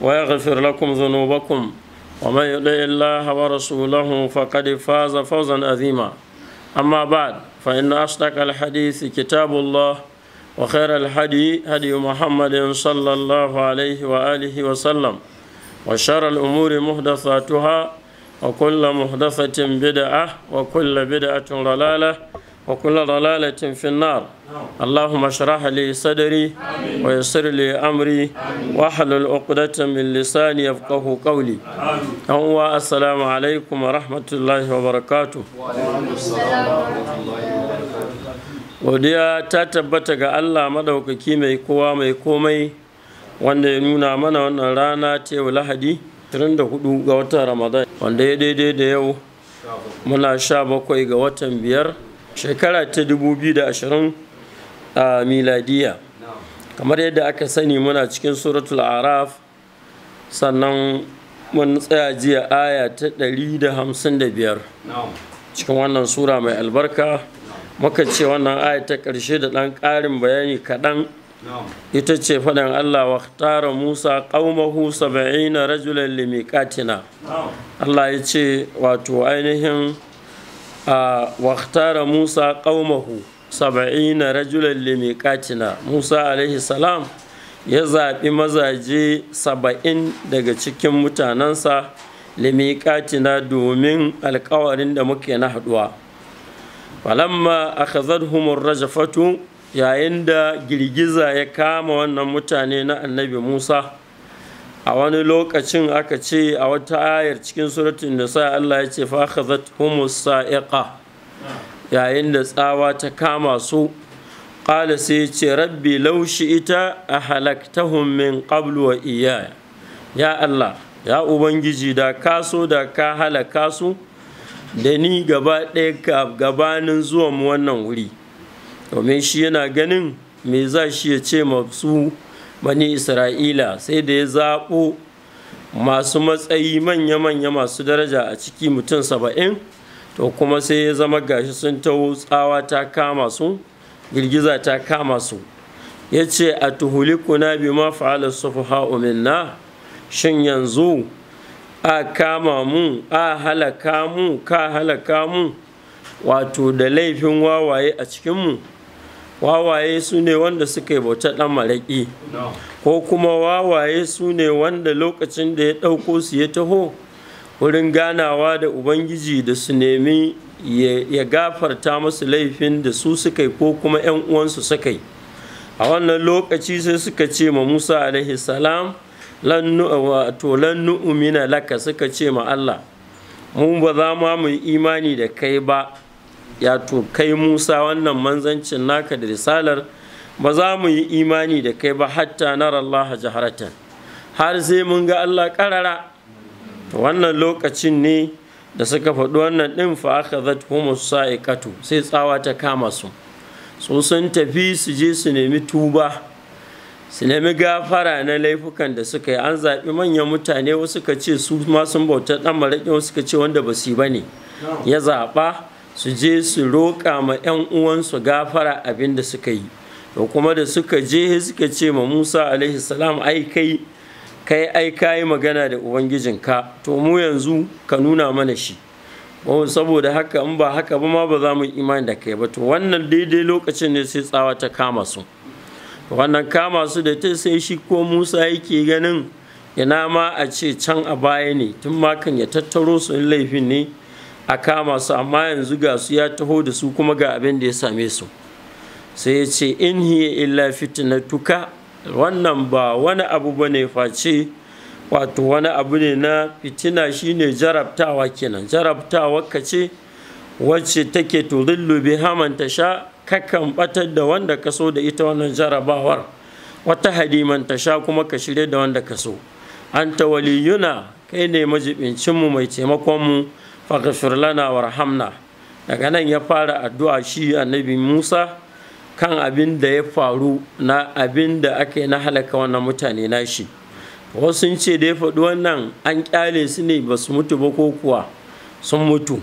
ويغفر لكم ذنوبكم ومن يطع الله ورسوله فقد فاز فوزا عظيما أما بعد فإن أصدق الحديث كتاب الله وخير الهدي هدي محمد صلى الله عليه وآله وسلم وشر الأمور محدثاتها وكل محدثة بدعة وكل بدعة ضلالة وكل ضلالة في النار اللهم اشرح لي صدري ويسر لي أمري واحلل عقدة من لساني يفقه قولي هو السلام عليكم ورحمة الله وبركاته godiya ta tabbata ga Allah madaukaki mai kowa mai komai wanda ya nuna mana wannan rana ta yau lahadi 24 ga watan ramadan wanda ya daidai da yau muna bakwai ga watan biyar shekara ta 2020 a miladiya kamar yadda aka sani muna cikin suratul araf sannan mun tsaya jiya aya ta 155 cikin wannan sura mai albarka muka ce wannan aya ta ƙarshe da ɗan ƙarin bayani kaɗan ita ce faɗin Allah wa tara Musa ƙaumahu saba'ina rajulan limiƙatina Allah ya ce wato ainihin واختار موسى قومه سبعين رجلا لميقاتنا Musa عليه السلام ya zaɓi mazaje saba'in daga cikin mutanensa limiƙatina domin alƙawarin da muke na haɗuwa falamma akhadhahumur rajafatu yayin da girgiza ya kama wannan mutane na annabi Musa a wani lokacin aka ce a wata ayar cikin suratun da sa Allah ya ce fakhazat humus sa'iqa yayin da tsawa ta kama su qala sai ce rabbi laushi ita a halaktahum min qablu wa ya Allah ya ubangiji da ka so da ka halaka su da ni gaba ɗaya gabanin zuwan wannan wuri domin shi yana ganin me za shi ya ce masu bani isra'ila sai da ya zaɓo masu matsayi manya-manya masu daraja a ciki mutum saba'in to kuma sai ya zama gashi sun taho tsawa ta kama su girgiza ta kama su ya ce a tuhulikuna bi ma fa'ala sufaha minna shin yanzu a kama mu a halaka mu ka halaka mu wato da laifin wawaye a cikinmu mu wawaye su ne wanda suka yi bautar ɗan maraƙi ko kuma wawaye su ne wanda lokacin da ya ɗauko su ya taho wurin ganawa da ubangiji da su nemi ya gafarta masu laifin da su suka yi ko kuma 'yan uwansu suka yi a wannan lokaci sai suka ce ma musa alaihi salam wato lannu umina laka suka ce ma allah mu ba za ma mu imani da kai ba ya to kai musa wannan manzancin naka da risalar ba za mu yi imani da kai ba hatta na rallaha jaharatan har sai mun ga Allah karara to wannan lokacin ne da suka faɗi wannan ɗin fa aka humus sa'iqatu sai tsawa ta kama su su sun tafi su je su nemi tuba su nemi gafara na laifukan da suka yi an zaɓi manyan mutane wasu ka ce su ma sun bauta ɗan maraƙi wasu ka ce wanda ba su yi ba ne ya zaɓa su je su roƙa ma 'yan uwansu gafara abin da suka yi da kuma da suka je suka ce ma musa alaihi salam ai kai kai ai magana da ubangijinka to mu yanzu ka nuna mana shi saboda haka in ba haka ba ma ba za mu imani da kai ba to wannan daidai lokacin ne sai tsawa ta kama su wannan kama su da ta sai shi ko musa yake ganin ina ma a ce can a baya ne tun makan ya tattaro su laifin ne a kama su amma yanzu ga su ya taho da su kuma ga abin da ya same su sai ya ce in hiya illa fitna tuka wannan ba wani abu bane face wato wani abu ne na fitina shine jarabtawa kenan jarabtawa ka ce wacce take turillu bi ta sha kakan batar da wanda ka so da ita wannan jarabawar wata ta sha kuma ka shirya da wanda ka so an ta waliyuna kai ne majibincinmu mai taimakonmu faghfir lana warhamna daga nan ya fara addu'a shi annabi Musa kan abin da ya faru na abin da ake na halaka wannan mutane nashi wasu ce da ya faɗi wannan an kyale su ne ba su mutu ba ko kuwa sun mutu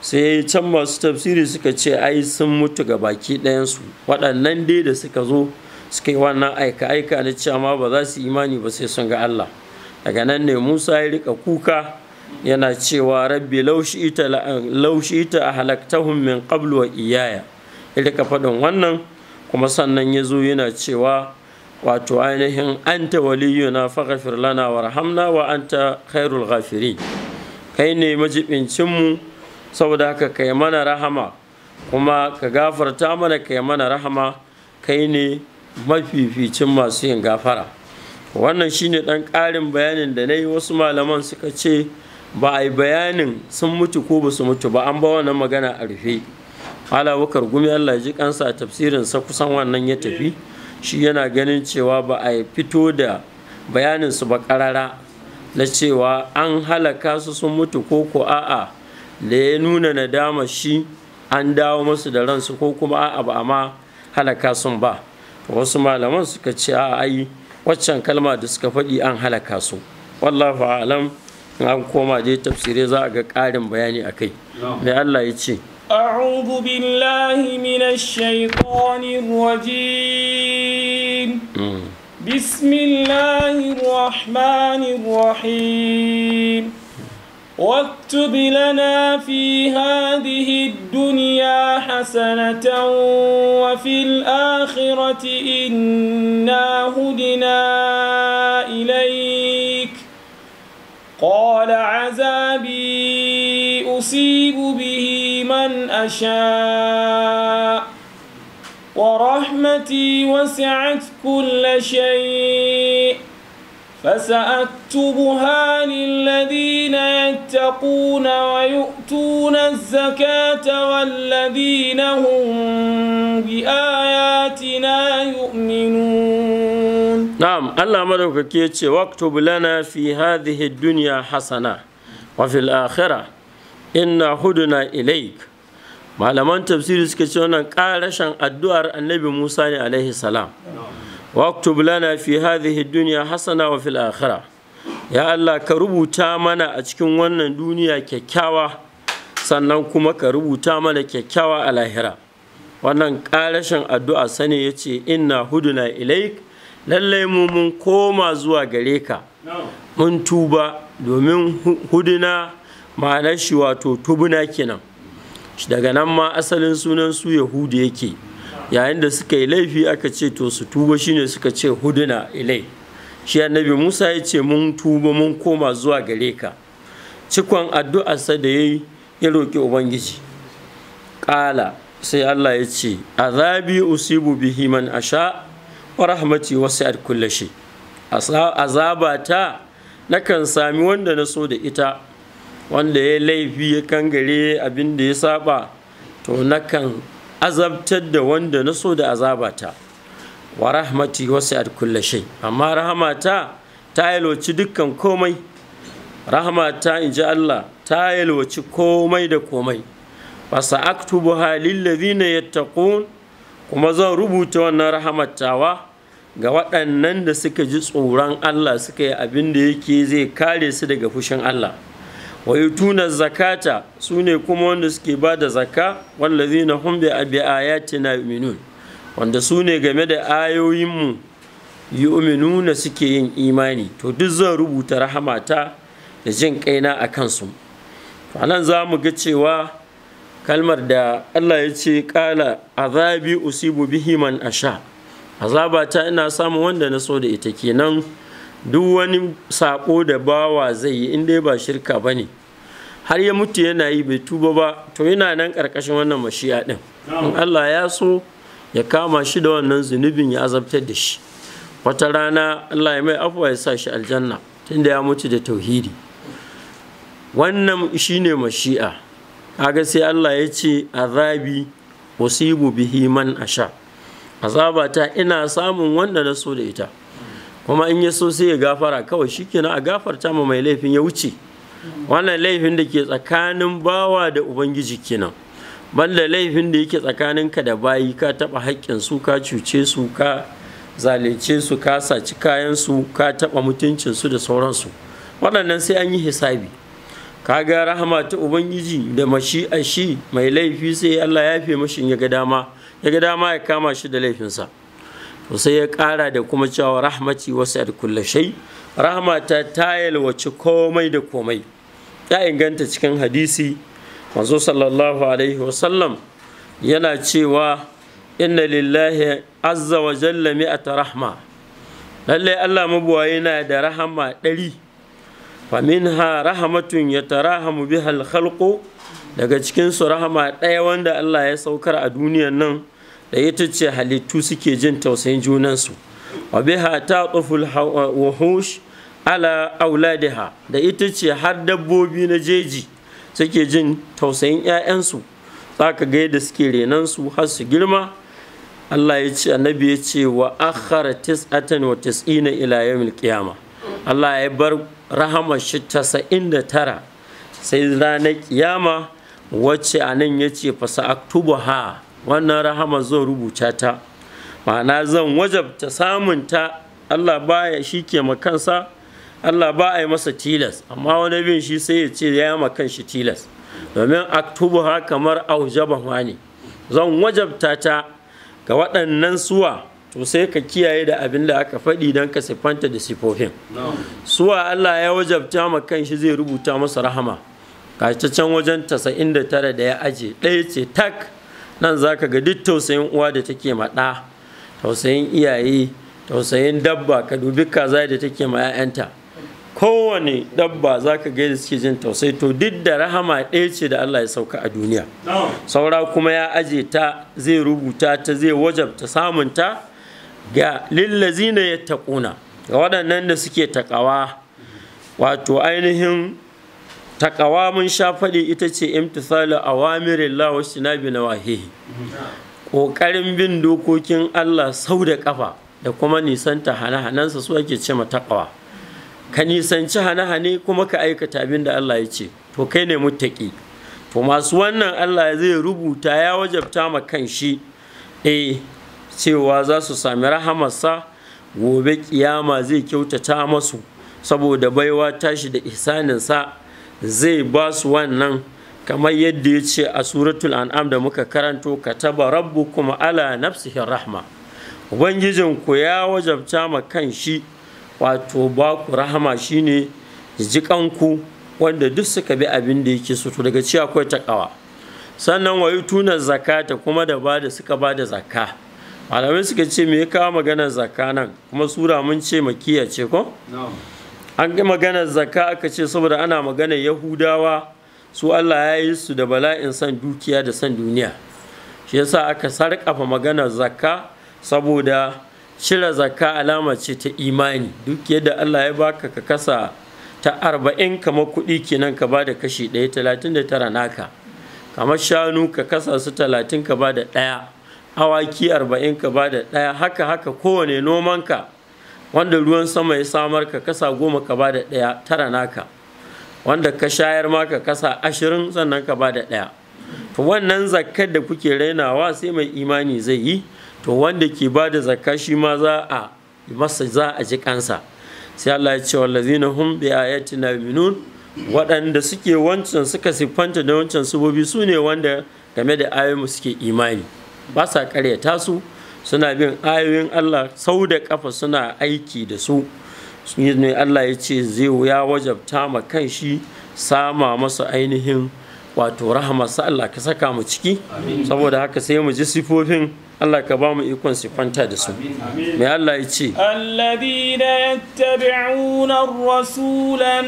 sai can masu tafsiri suka ce ai sun mutu ga baki ɗayansu waɗannan dai da suka zo suka yi wannan aika-aika na cewa ma ba za su imani ba sai sun ga Allah daga nan ne Musa ya rika kuka yana cewa rabbi laushi ita a halaktahun min wa iyaya ita ka faɗin wannan kuma sannan ya zo yana cewa wato ainihin anta na faghfir lana warhamna wa anta khairul ghafirin kai ne majibincinmu saboda haka kai mana rahama kuma ka gafarta mana kai mana rahama kai ne mafificin masu yin gafara wannan shine ɗan ƙarin bayanin da na yi wasu malaman suka ce ba a yi bayanin sun mutu ko ba su mutu ba an ba wannan magana a rufe halawakar gumi allah ji kansa a tafsirin sa kusan wannan ya tafi shi yana ganin cewa ba a fito da bayanin su ba karara na cewa an halaka su sun mutu ko ko a'a da ya nuna nadama shi an dawo masu da ransu ko kuma a'a ba amma halaka sun ba wasu malaman suka ce a'a ai waccan kalma da suka faɗi an halaka su wallahu a'lam an koma je tafsirai za a ga ƙarin bayani a kai mai Allah ya ce أعوذ بالله من الشيطان الرجيم بسم الله الرحمن الرحيم واكتب لنا في هذه الدنيا حسنة وفي الآخرة إنا هدنا إليك قال عذابي أصيب به من أشاء ورحمتي وسعت كل شيء فسأكتبها للذين يتقون ويؤتون الزكاة والذين هم بآياتنا يؤمنون نعم الله مدوك كيتشي واكتب لنا في هذه الدنيا حسنة وفي الآخرة إنا هدنا إليك malaman tafsiri suka ce wannan ƙarashin addu'ar annabi musa ne alaihi salam واكتب لنا في هذه الدنيا حسنة وفي الآخرة يا الله mana a أتكون ونن دنيا ككاوة sannan kuma ka rubuta mana kyakkyawa a lahira wannan ƙarashin addu'a sani ya ce inna huduna ilaik lallai mu mun koma zuwa gare ka mun tuba domin huduna ma'anar shi wato tubuna kenan daga nan ma asalin sunan su yahudu yake yayin da suka yi laifi aka ce to su tuba shine suka ce huduna ilai shi annabi Musa ya ce mun tuba mun koma zuwa gare ka cikon addu'ar sa da yayi ya roki ubangiji ƙala sai Allah ya ce azabi usibu bihi man asha wa rahmati wasi'at kulli shi azabata nakan sami wanda na so da ita wanda ya laifi ya kangare abin da ya saba to nakan azabtar da wanda na so da azabata wa rahmati wasu wasi'at kulle shai. amma rahmata ta yalwaci dukkan komai rahmata in ji Allah ta yalwaci komai da komai fasa aktubuha lillazina yattaqun kuma zan rubuta wannan rahmatawa ga waɗannan da suka ji tsoron Allah suka yi abin da yake zai kare su daga fushin Allah wa yutuna zakata su ne kuma wanda suke ba da zaka zakka wallazina hum bi na yu'minun wanda su ne game da ayoyinmu yu'minuna suke yin imani to duk zan rubuta rahamata da jin kaina a kansu to za mu ga cewa kalmar da Allah ya ce kala azabi usibu bihi man asha azabata ina samun wanda na so da ita kenan duk wani sako da bawa zai yi in dai ba shirka ba ne. har ya mutu yana yi bai tuba ba to yana nan ƙarƙashin wannan mashiya ɗin in Allah ya so ya kama shi da wannan zunubin ya azabtar da shi wata rana Allah ya mai afuwa ya sa shi aljanna tunda ya mutu da tauhidi wannan shi shine mashi'a kaga sai Allah ya ce azabi usibu bihi man asha azabata zabata ina samun wanda na so da ita kuma in ya so sai ya gafara kawai shikenan a gafarta ma mai laifin ya wuce wannan laifin da ke tsakanin bawa da ubangiji kenan banda laifin da yake tsakanin ka da bayi ka taba hakkin su ka cuce su ka zalunce su ka saci kayan su ka taba mutuncin su da sauransu waɗannan sai an yi hisabi Ka ga rahama ta ubangiji da a shi mai laifi sai Allah ya fi mashi ya ga dama ya ga dama ya kama shi da laifinsa to sai ya ƙara da kuma cewa rahmati wasu kullu kullashai rahmata ta yalwaci komai da komai ya inganta cikin hadisi manzo sallallahu alaihi wasallam yana cewa inna lillahi azza wa jalla mi'ata rahma lallai Allah mabuwaye yana da rahama ɗari fa minha rahmatun yatarahamu biha al-khalqu daga cikinsu su rahama ɗaya wanda Allah ya saukar a duniyar nan da ita ce halittu suke jin tausayin junansu wa biha taquful wuhush ala auladiha da ita ce har dabbobi na jeji suke jin tausayin 'ya'yansu za ka ga yadda suke su har su girma Allah ya ce annabi ya ce wa akhara tis'atan wa tis'ina ila yawmil qiyama Allah ya bar rahama shi 99 sai ranar kiyama wacce anan ya ce fa ha? wannan rahama zan rubuta ta ma'ana zan wajabta samun ta Allah baya shi ke makansa Allah ba a yi masa tilas amma wani bin shi sai ya ce ya ma kan shi tilas domin aktubu ha kamar aujabaha ne zan wajabta ta ga waɗannan suwa to sai ka kiyaye da abin da aka faɗi don ka siffanta da sifofin suwa Allah ya wajabta ma kan shi zai rubuta masa rahama can wajen tasa'in da tara da ya aje ɗaya ce tak nan za ka ga duk tausayin uwa da take maɗa tausayin iyaye tausayin dabba ka dubi kaza da take ma 'ya'yanta kowane dabba za ka gaida suke jin tausai to duk da rahama ɗaya ce da Allah ya sauka a duniya saura kuma ya aje ta zai rubuta ta zai wajabta samunta ga lillazina ya taƙuna ga waɗannan da suke taƙawa wato ainihin taƙawa mun sha faɗi ita ce imtisalu awamirillah wa shinabi nawahihi ƙoƙarin bin dokokin Allah sau da ƙafa da kuma nisanta hana-hanansa su ake ce mataƙawa taƙawa ka nisanci hane-hane kuma ka aikata abin da Allah ya ce to kai ne muttaki to masu wannan Allah zai rubuta ya wajabta ma kan shi eh cewa za su sami rahamarsa gobe kiyama zai kyautata masu saboda baiwa tashi da ihsaninsa zai ba su wannan kamar yadda ya ce a suratul an'am da muka karanto ka taba rabu kuma ala nafsihin rahma ubangijinku ya wajabta ma kan shi wato ba ku rahama shine jikanku wanda duk suka bi abin da yake so to daga ci akwai takawa sannan wayu tuna zakata kuma da ba da suka ba da zakka malamai suka ce me ya kawo maganar zakka nan kuma sura mun ce makiya ce ko an ga maganar zakka aka ce saboda ana maganar yahudawa su Allah ya yi su da bala'in san dukiya da san duniya shi yasa aka sarƙafa maganar zakka saboda cire zakka alama ce ta imani duk yadda Allah ya baka ka kasa ta arba'in kama kuɗi kenan ka ba da kashi ɗaya talatin da tara naka kamar shanu ka kasa su talatin ka ba da ɗaya awaki arba'in ka ba da ɗaya haka haka kowane nomanka wanda ruwan sama ya samar ka kasa goma ka ba da ɗaya tara naka wanda ka shayar ma ka kasa ashirin sannan ka ba da ɗaya to wannan zakkar da kuke rainawa sai mai imani zai yi to wanda ke ba da zakka shi ma za a masa za a ji kansa sai Allah ya ce wallazina hum bi ayatina yu'minun waɗanda suke wancan suka siffanta da wancan subobi su ne wanda game da ayoyinmu suke imani ba sa karyata su suna bin ayoyin Allah sau da kafa suna aiki da su ne Allah ya ce zai ya wajabta ma kan shi sama masa ainihin wato rahamarsa Allah ka saka mu ciki saboda haka sai mu ji sifofin Allah ka ba mu ikon sifanta da su mai Allah ya ce alladhina yattabi'una rasulan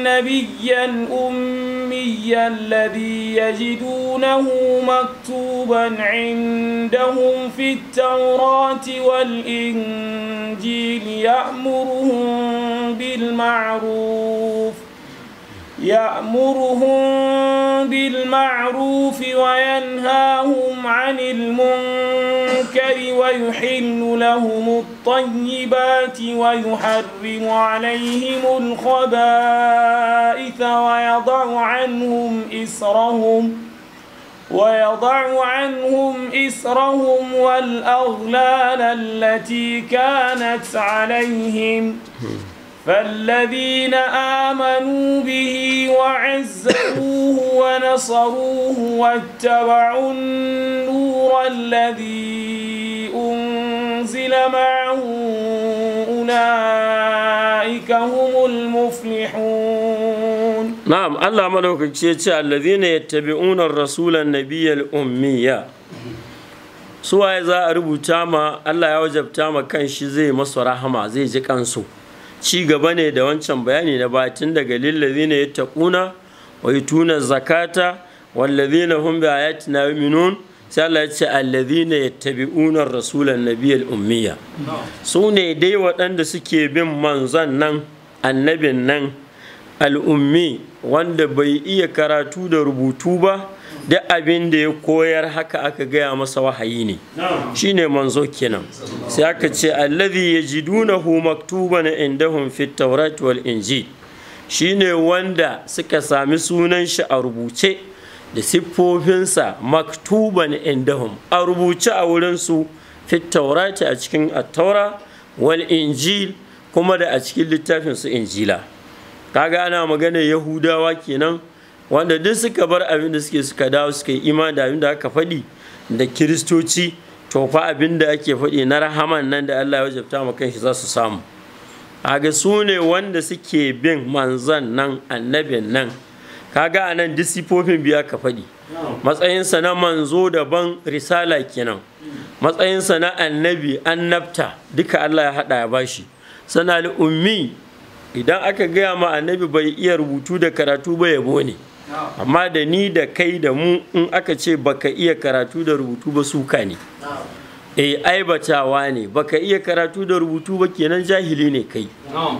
nabiyyan ummiyyan ladhi yajidunahu maktuban 'indahum fit tawrati wal injili ya'muruhum bil ma'ruf يأمرهم بالمعروف وينهاهم عن المنكر ويحل لهم الطيبات ويحرم عليهم الخبائث ويضع عنهم إسرهم ويضع عنهم إسرهم والأغلال التي كانت عليهم فالذين آمنوا به وعزروه ونصروه واتبعوا النور الذي أنزل معه أولئك هم المفلحون نعم الله ملوك الشيطة الذين يتبعون الرسول النبي الأمية سواء إذا أربو تاما الله يوجب تاما كان شزي مصر رحمة زي جي كان سو ci gaba ne da wancan bayani na batin daga lillazina taƙuna wa tuna zakata wallazina hun bi yi minun sai Allah ya ce allazina rasulun rasulan nabiyal ummiya su ne dai waɗanda suke bin manzan nan annabin nan al'ummi wanda bai iya karatu da rubutu ba duk abin da ya koyar haka aka gaya masa wahayi ne shine manzo kenan sai aka ce allazi yajidunahu maktuban indahum fit tawrat wal injil shine wanda suka sami sunan shi a rubuce da siffofinsa maktuban indahum a rubuce a wurinsu fit a cikin attaura wal'inji wal injil kuma da a cikin littafin injila kaga ana magana yahudawa kenan wanda duk suka bar abin da suke suka dawo suka yi imani da abin da aka faɗi da kiristoci to fa abin da ake faɗi na rahaman nan da Allah ya wajabta ma kanshi za su samu ga su ne wanda suke bin manzan nan annabin nan kaga a anan disipofin biya ka faɗi matsayinsa na manzo daban risala kenan matsayinsa na annabi annabta duka Allah ya haɗa ya bashi sana ummi idan aka gaya ma annabi bai iya rubutu da karatu ba yabo ne amma da ni da kai da mu in aka ce baka iya karatu da rubutu ba suka ne e eh, aibatawa ne baka iya karatu da rubutu ba kenan jahili ne kai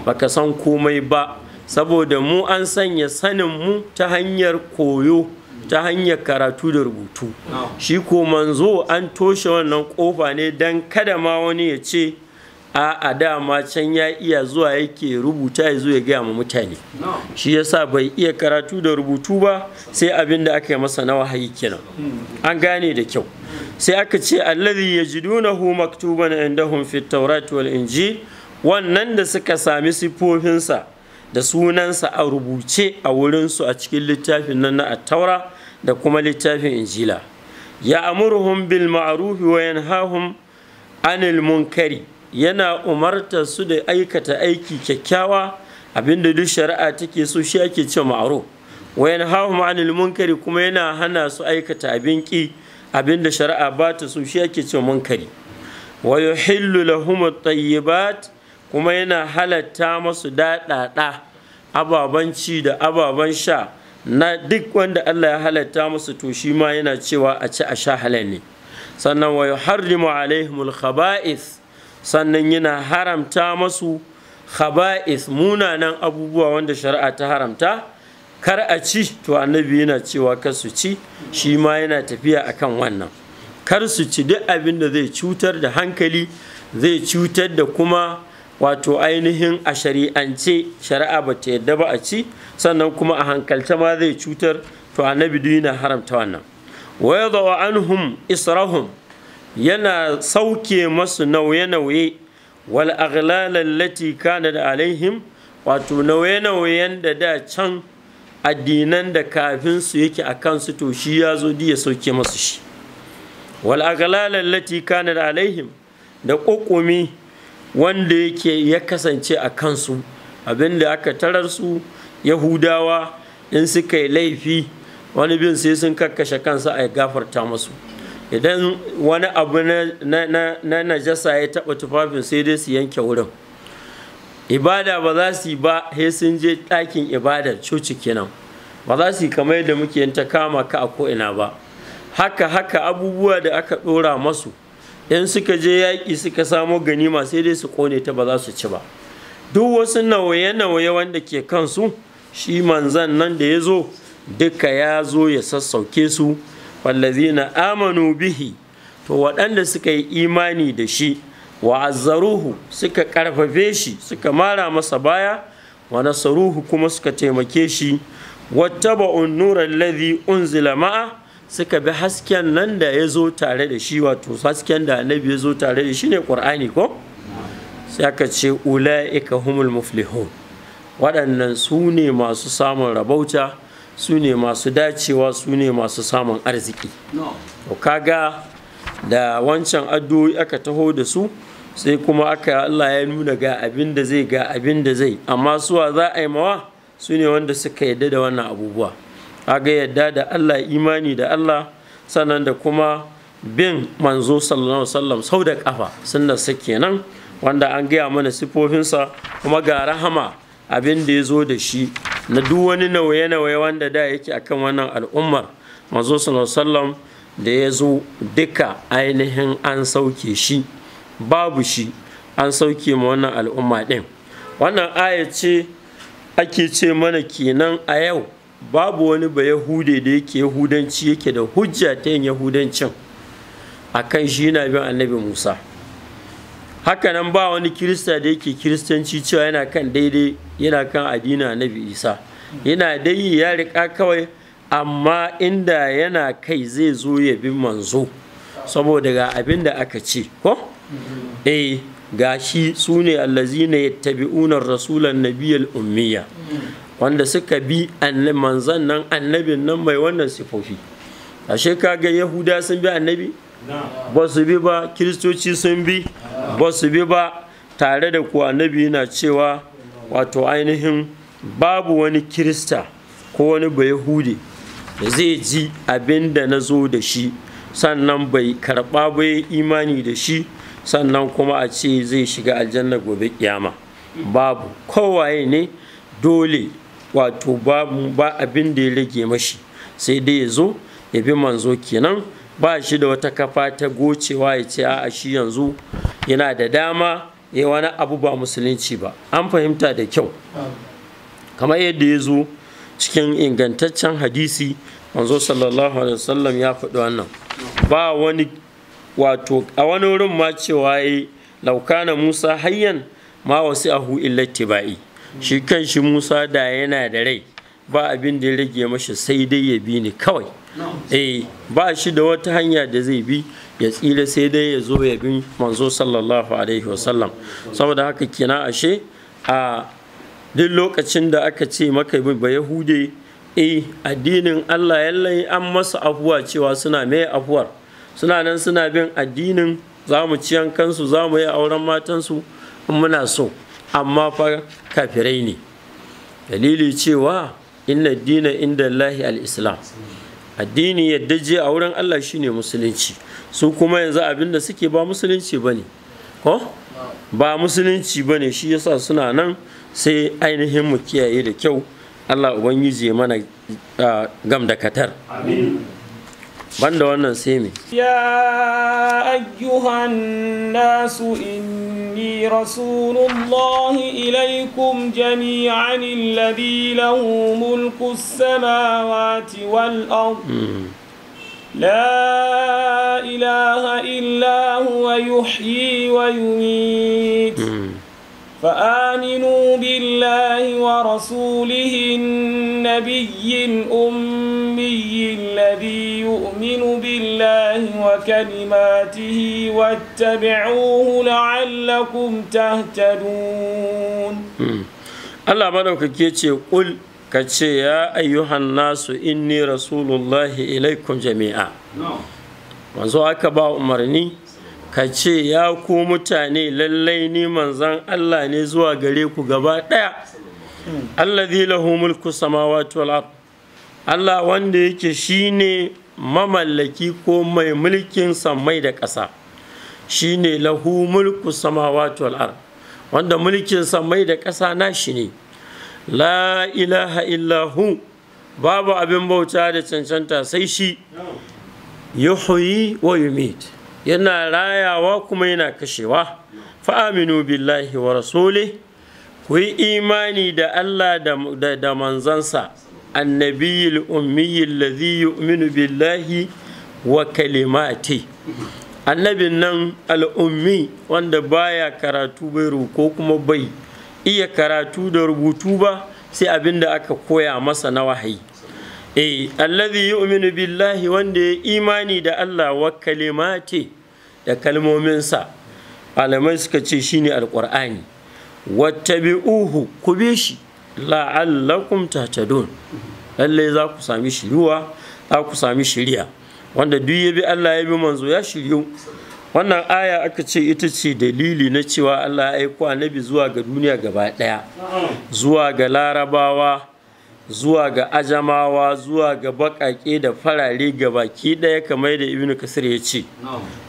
baka san komai ba saboda mu an sanya sanin mu ta hanyar koyo ta hanyar karatu da rubutu shi ko manzo an toshe wannan kofa ne dan kada ma wani ya ce a'a dama can ya iya zuwa yake rubuta ya zo ya gaya ma mutane shi yasa bai iya karatu da rubutu ba sai abin da aka yi masa na wahayi kenan hmm. an gane da kyau sai aka ce allazi yajidunahu maktuban indahum fit tawrat wal injil wannan da suka sami sifofinsa da sunansa a rubuce a wurinsu a cikin littafin nan na attaura da kuma littafin injila ya amurhun bil wayan wa yanhahum anil munkari yana umartar su da aikata aiki kyakkyawa abinda duk shari'a take so shi ake ce ma'aro wayan hawa ma'anil munkari kuma yana hana su aikata abin ki abinda shari'a ba ta so shi ake ce munkari wa yuhillu lahum at-tayyibat kuma yana halatta masu daɗaɗa ababen ci da ababan sha na duk wanda Allah ya halatta musu to shi ma yana cewa a ci a sha halal ne sannan wa yuharrimu alaihimul khaba'ith sannan yana haramta masu khaba'is munanan abubuwa wanda shari'a ta haramta kar a ci to annabi yana cewa kar su ci shi ma yana tafiya akan wannan kar su ci duk abin da zai cutar da hankali zai cutar da kuma wato ainihin a shari'ance shari'a ba ta yadda ba a ci sannan kuma a hankalta ma zai cutar to annabi duk yana haramta wannan wa anhum israhum yana sauke masu nauye-nauye wal aghlalan lati kana da alaihim wato nauye-nauyen da da can addinan da kafin su yake a kansu to shi ya zo ya sauke masu shi wal aghlalan lati kana da alaihim da kokumi wanda yake ya kasance a kansu abinda aka tarar su yahudawa in suka yi laifi wani bin sai sun kakkashe kansu a gafarta masu idan wani abu na najasa ya taɓa tufafin sai dai su yanke wurin ibada ba za su yi ba sai sun je ɗakin ibada coci kenan ba za su yi kamar yadda muke yin ta kama ka a ko'ina ba haka haka abubuwa da aka ɗora masu in suka je yaƙi suka samo ganima sai dai su ƙone ta ba za su ci ba duk wasu nawaye-nawaye wanda ke kansu shi manzan nan da ya zo duka ya zo ya sassauke su na amanu bihi to waɗanda suka yi imani da shi wa azzaruhu suka ƙarfafe shi suka mara masa baya wa nasaruhu kuma suka taimake shi wattaba'un nura unzila ma'a suka bi hasken nan da ya zo tare da shi wato hasken da annabi ya zo tare da shi ne ƙur'ani ko sai aka ce ula'ika humul muflihun waɗannan su ne masu samun rabauta su ne masu dacewa su ne masu samun arziki to kaga da wancan addu'o'i aka taho da su sai kuma aka Allah ya nuna ga abin da zai ga abin da zai amma suwa za a yi mawa su ne wanda suka yadda da wannan abubuwa aga yadda da Allah imani da Allah sannan da kuma bin manzo sallallahu alaihi wasallam sau da kafa sunna su kenan wanda an gaya mana sifofinsa kuma ga rahama abin da ya zo da shi na duk wani nauye-nauye wanda da yake akan wannan al'umma mazo sallallahu da ya zo duka ainihin an sauke shi babu shi an sauke ma wannan al'umma ɗin wannan aya ce ake ce mana kenan a yau babu wani ba yahude da yake yahudanci yake da hujja ta yin yahudancin akan shi na biyan annabi musa hakanan ba wani kirista da yake kiristanci cewa yana kan daidai yana kan addinin annabi isa yana dai ya riƙa kawai amma inda yana kai zai zo ya bi manzo saboda ga abin da aka ce ko eh ga shi su ne allazina yattabi'unar rasulan nabiyal ummiya wanda suka bi manzan nan annabin nan mai wannan sifofi ashe kaga yahuda sun bi annabi ba su bi ba kiristoci sun bi ba su bi ba tare da kuwa nabi na cewa wato ainihin babu wani kirista ko wani bayahudi da zai ji abin da na zo da shi sannan bai karɓa ba imani da shi sannan kuma a ce zai shiga aljanna gobe kiyama babu kowaye ne dole wato ba abin da ya rage mashi sai dai ya zo ya bi manzo kenan ba shi da wata kafa ta gocewa ya ce a shi yanzu yana da dama ya wani abu ba musulunci ba an fahimta da kyau kamar yadda ya zo cikin ingantaccen hadisi manzo sallallahu alaihi wasallam ya faɗi wannan ba wani wato a wani wurin ma cewa ya laukana musa hayyan ma wasu ahu illa tiba'i shi kan shi musa da yana da rai ba abin da ya rage mashi sai dai ya bi ni kawai eh ba shi da wata hanya da zai bi ya tsira sai dai ya zo ya bi manzo sallallahu alaihi wasallam saboda haka kina ashe a duk lokacin da aka ce maka ba yahude eh addinin Allah yallai an masa afuwa cewa suna mai afuwar suna nan suna bin addinin za mu ci kansu za mu yi auren matansu in muna so amma fa kafirai ne dalili cewa inna dina inda al-islam addini yadda je a wurin Allah shine musulunci su kuma yanzu abinda suke ba musulunci bane ko ba musulunci bane shi yasa suna nan sai ainihin mu kiyaye da kyau Allah ubangiji ya mana ah, gam da katar amin banda wannan sai me ya ayyuhan nasu inni rasulullahi ilaikum jami'an alladhi lahu mulku samawati wal ard لا إله إلا هو يحيي ويميت فآمنوا بالله ورسوله النبي الأمي الذي يؤمن بالله وكلماته واتبعوه لعلكم تهتدون الله مدوك كيتي قل كتشي يا أيها الناس إني رسول الله إليكم جميعا Wanzu aka ba umarni ka ce ya ku mutane lallai ni manzan Allah ne zuwa gare ku gaba ɗaya hmm. allazi lahu mulku samawati wal ard Allah wanda yake shine mamallaki ko mai mulkin samai da ƙasa shi ne lahu mulku samawati wal wanda mulkin samai da ƙasa na shi ne la ilaha illahu babu abin bauta da cancanta sai shi yuhyi wa yumit yana rayawa kuma yana kashewa fa'aminu billahi wa rasuli ku yi imani da Allah da manzansa النبي الأمي الذي يؤمن annabin nan al'ummi wanda baya karatu bai ko kuma bai iya karatu da rubutu ba sai abinda aka koya masa na wahayi eh allazi yu'minu billahi wanda ya imani da Allah wakalimate kalimati da kalmominsa Alamai suka ce shine alqur'ani wattabi'uhu ku bi shi la'allakum tahtadun Lallai za ku sami shiriwa za ku sami shirya wanda duk ya bi Allah ya bi manzo ya shiryu wannan aya aka ce ita ce dalili na cewa Allah ya aiko annabi zuwa ga duniya gaba ɗaya, zuwa ga larabawa zuwa ga ajamawa zuwa ga baƙaƙe da farare ga baki ɗaya kamar da ibnu kasir ya ce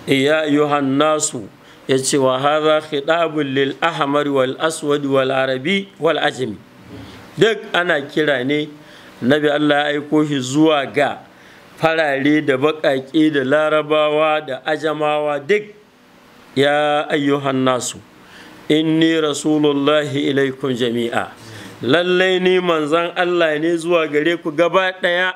ya yohannasu ya ce wa haza khidabun lil ahmar wal aswadi wal arabi wal ajami duk ana kira ne nabi Allah ya aiko shi zuwa ga farare da baƙaƙe da larabawa da ajamawa duk ya ayyuhan nasu inni rasulullahi ilaikum jami'a lallai ni manzan Allah ne zuwa gare ku gaba ɗaya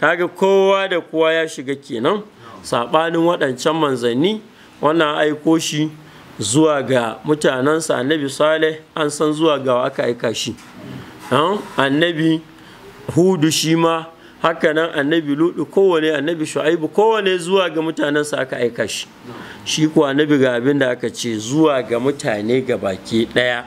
kaga kowa da kowa ya shiga kenan saɓanin waɗancan manzanni wannan aiko shi zuwa ga mutanensa annabi saleh an san zuwa ga aka aika shi annabi hudu shi ma haka nan annabi ludu kowane annabi shu'aibu kowane zuwa ga mutanen mutanensa aka aika shi shi ko annabi ga abin da aka ce zuwa ga mutane ga baki daya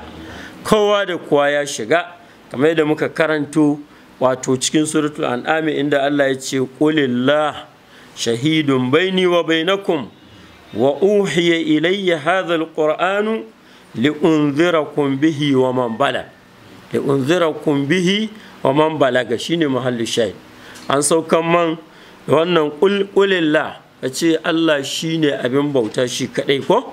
kowa da kowa ya shiga kamar yadda muka karanto wato cikin suratul an'ami inda Allah ya ce qulillah shahidun baini wa bainakum wa uhiya ilayya hadha alqur'anu unzirakum bihi wa man bala da unzira wa man balaga shine muhallu shahid an saukan man wannan kulilla ka ce Allah shine abin bauta shi kadai ko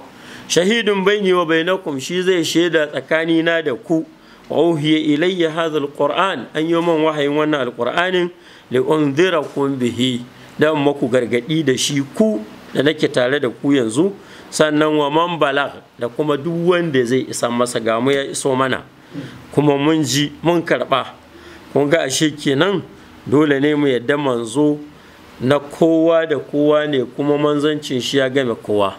shahidun baini wa bainakum shi zai shaida tsakani na da ku wa ilayya hadha alquran an yi man wahayin wannan alquranin li bihi da maku gargadi da shi ku da nake tare da ku yanzu sannan wa man balag da kuma duk wanda zai isa masa gamu ya iso mana kuma mun ji mun karɓa kun ga ashe kenan dole ne mu yadda manzo na kowa da kowa ne kuma manzancin shi ya game kowa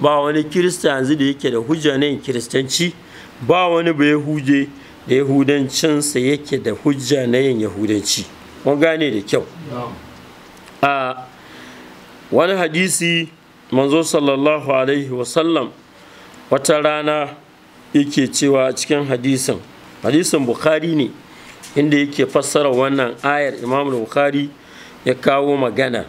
ba wani kirista yanzu da yake da hujja na kiristanci ba wani bai huje da yahudancinsa yake da hujja na yin yahudanci kun gane da kyau a wani hadisi manzo sallallahu alaihi wasallam wata rana yake cewa cikin hadisin hadisin bukhari ne inda yake fassara wannan ayar imam bukhari ya kawo magana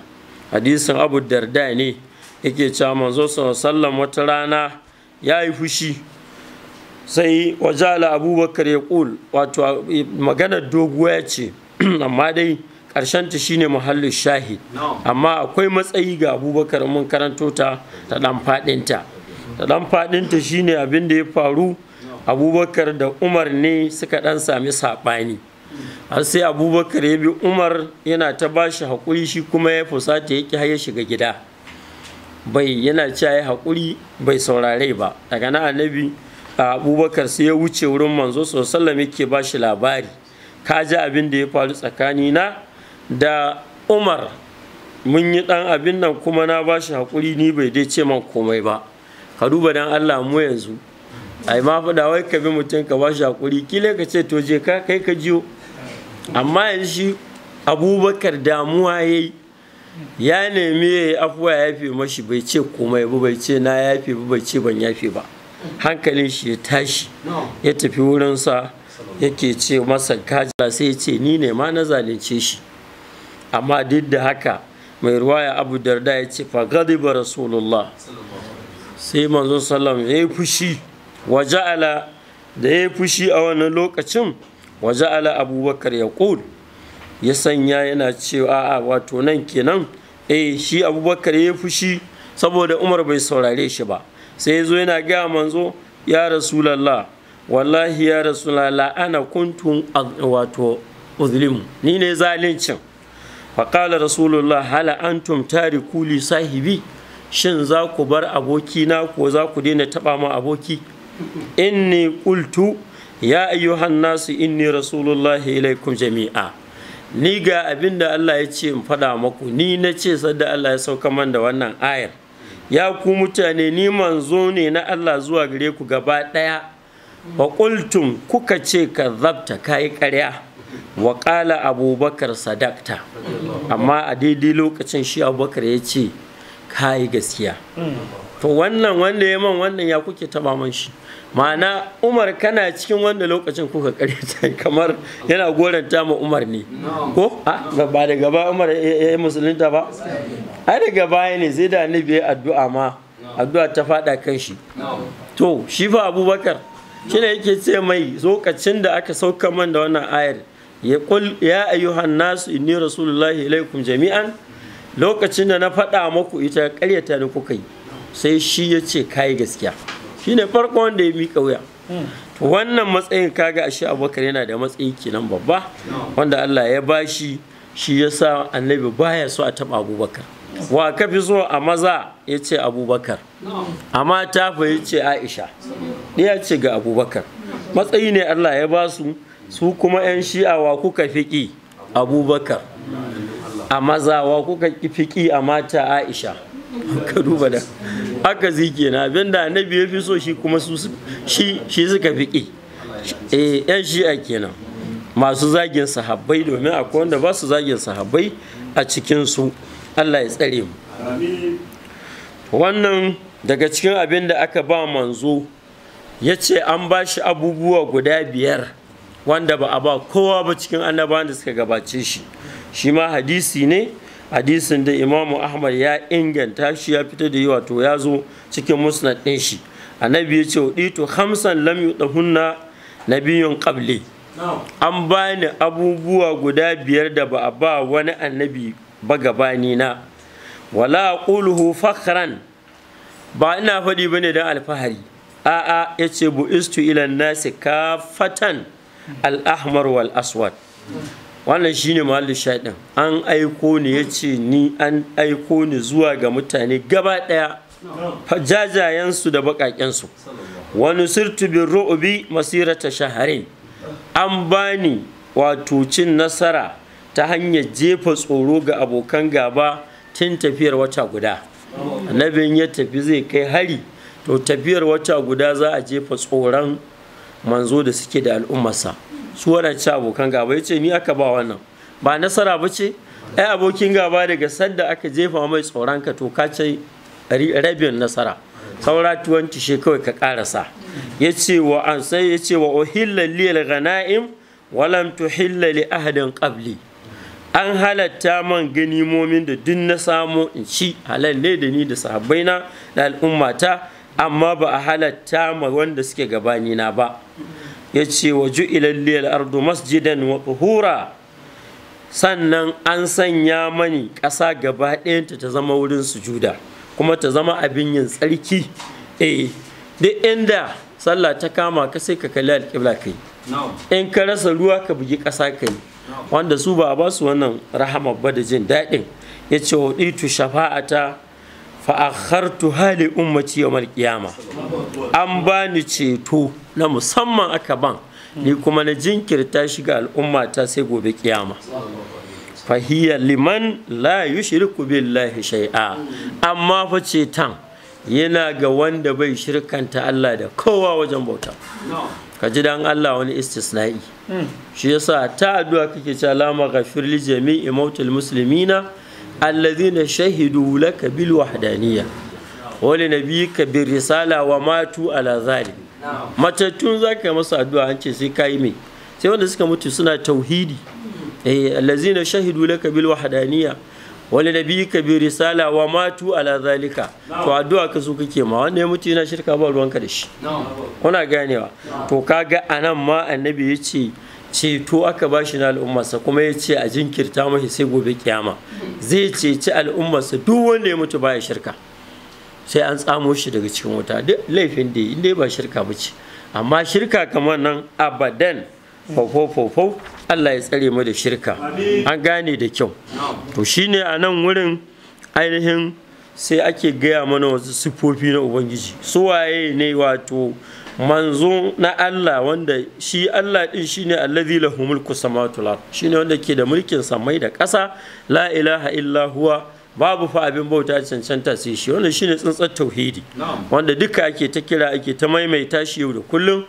hadisin abu darda ne yake cewa manzo sallam wata rana ya yi fushi sai wajala abubakar ya kul wato magana doguwa yace ce amma dai ta shine muhallin shahid amma akwai matsayi ga abubakar mun karanto ta ta ɗan faɗinta da ɗan faɗinta shine abin da ya faru abubakar da umar ne suka ɗan sami saɓani har sai abubakar ya bi umar yana ta bashi shi haƙuri shi kuma ya fusata yake har ya shiga gida bai yana cewa ya haƙuri bai saurare ba daga na annabi abubakar sai ya wuce wurin manzo sallam yake ba shi labari ka ji abin da ya faru tsakani na da umar mun yi ɗan abin nan kuma na ba shi haƙuri ni bai dai ce man komai ba ka duba dan Allah mu yanzu ai ma fada wai ka bi mutum ka ba shi hakuri kila ka ce to je ka kai ka jiyo amma yanzu shi abubakar damuwa yayi ya nemi ya yi afuwa ya yafe mashi bai ce komai ba bai ce na yafe ba bai ce ban yafe ba hankalin shi ya tashi ya tafi wurinsa yake ce masa kajira sai ya ce ni ne ma na zalunce shi amma duk da haka mai ruwaya abu darda ya ce fa gadiba rasulullah sai manzon sallam ya yi fushi wa ja'ala da ya yi fushi a wannan lokacin wa ja'ala abubakar ya ƙul ya sanya yana cewa a wato nan kenan eh shi abubakar ya yi fushi saboda umar bai saurare shi ba sai ya zo yana gaya manzo ya rasulallah wallahi ya rasulallah ana kuntun wato uzlimu ni ne zalincin faƙala rasulullah hala antum tari kuli sahibi shin za ku bar abokina ko za ku daina taɓa ma aboki inni qultu ya ayyuhan nasu inni rasulullahi ilaikum jami'a ni ga abinda Allah ya ce in faɗa maku ni na ce sadda Allah ya sauka man da wannan ayar ya ku mutane ni manzo ne na Allah zuwa gare ku gaba ɗaya wa qultum kuka ce ka zabta kayi ƙarya wa ƙala abubakar sadakta amma a daidai lokacin shi abubakar ya ce ka gaskiya mm. to wannan wanda ya man wannan ya kuke taba man shi ma'ana umar kana cikin wanda lokacin kuka ta kamar yana goranta ma umar ne ko ba da gaba umar ya yi musulunta ba a daga gaba ne zai da annabi ya addu'a ma addu'a ta fada kan shi to shi fa abubakar ne yake ce mai lokacin da aka sauka man da wannan ayar ya ya ayyuhan nasu inni rasulullahi ilaikum jami'an lokacin da na faɗa muku ita ƙaryata da kuka yi sai shi ya ce kayi gaskiya shine farko wanda ya miƙa wuya wannan matsayin kaga ashe abubakar yana da matsayi kenan babba wanda Allah ya bashi shi ya sa annabi baya so a taɓa abubakar wa ka fi so a maza ya ce abubakar a mata fa ya ce aisha ɗaya ce ga abubakar matsayi ne Allah ya basu su kuma 'yan shi'awa kuka fiƙi abubakar a mazawa kuka fiki a mata aisha ka duba da haka zike na abinda annabi ya fi so shi kuma su shi suka fiki eh yan shi'a kenan masu zagin sahabbai domin akwai wanda ba su zagin sahabbai a cikin su Allah ya tsare mu wannan daga cikin abin da aka ba manzo ya ce an ba shi abubuwa guda biyar wanda ba a ba kowa ba cikin annabawan da suka gabace shi shi ma hadisi ne hadisin da imamu ahmad ya inganta shi ya fita da yi wato ya zo cikin musnad ɗin shi annabi ya ce to hamsan lam yudahunna nabiyun qabli an bani abubuwa guda biyar da ba a ba wani annabi ba gabani na wala quluhu fakhran ba ina faɗi bane dan alfahari a'a yace bu istu ila nasi kafatan al ahmar wal aswad wannan shine muhallin shaɗin an aiko ni ya ce ni an aiko ni zuwa ga mutane gaba ɗaya jajayensu da baƙaƙensu wani sirtu bin ro'ubi masirata shaharin an bani wato cin nasara ta hanyar jefa tsoro ga abokan gaba tun tafiyar wata guda annabin ya tafi zai kai hari to tafiyar wata guda za a jefa tsoron manzo da suke da al'ummarsa su waɗance abokan gaba ya ce ni aka ba wannan ba nasara ba ce ai abokin gaba daga sadda aka jefa mai tsoron ka to ka ce rabin nasara saura tuwanci shi kawai ka karasa ya ce wa an sai ya ce wa ohilla liyar ghana'im walam tuhilla li ahadin qabli an halatta man ganimomin da duk na samu in ci halalle da ni da sahabbaina da al'ummata amma ba a halatta ma wanda suke gabanina ba ya ce wa ju'ilal liyal ardu masjidan wa tuhura sannan an sanya mani ƙasa gaba ɗayanta ta zama wurin sujuda kuma ta zama abin yin tsarki eh duk inda sallah ta kama ka sai ka kalli alƙibla kai in ka rasa ruwa ka bugi ƙasa kai wanda su ba a ba su wannan rahama ba da jin daɗin ya ce wa ɗitu shafa'ata fa'akhartu hali ummati yawmal qiyama an bani ceto na musamman aka ban ni kuma na jinkirta shi ga al'umma ta sai gobe kiyama fahiyar liman la yushriku billahi shai'a amma fa ce tan. yana ga wanda bai shirkanta Allah da kowa wajen bauta ka ji dan Allah wani istisna'i shi yasa ta addu'a kake cewa la maghfir li jami'i mautil muslimina alladhina shahidu laka bil wahdaniyya wa li nabiyyika bir risala wa matu ala zalim matattun za ka yi masa addu'a an ce sai ka yi mai sai wanda suka mutu suna tauhidi eh allazina shahidu laka bil wahdaniyya wani nabiyyika bi risala wa matu ala zalika to addu'a ka su kake ma wanda ya mutu yana shirka ba ruwanka da shi kuna ganewa to kaga anan ma annabi ya ce ceto aka ba shi na al'ummarsa kuma ya ce a jinkirta mashi sai gobe kiyama zai ceci al'ummarsa duk wanda ya mutu baya shirka sai an tsamo shi daga cikin wuta duk laifin da yi ba shirka ba ce amma shirka kamar nan abadan fofofofo Allah ya tsare mu da shirka an gane da kyau to shine a nan wurin ainihin sai ake gaya mana wasu siffofi na ubangiji suwaye ne wato manzo na Allah wanda shi Allah din shine allazi lahu mulku samawati wal shine wanda ke da mulkin samai da ƙasa la ilaha illa huwa babu fa abin bauta cancanta sai shi wannan shine tsantsar tauhidi wanda duka ake ta kira ake ta maimaita shi yau da kullum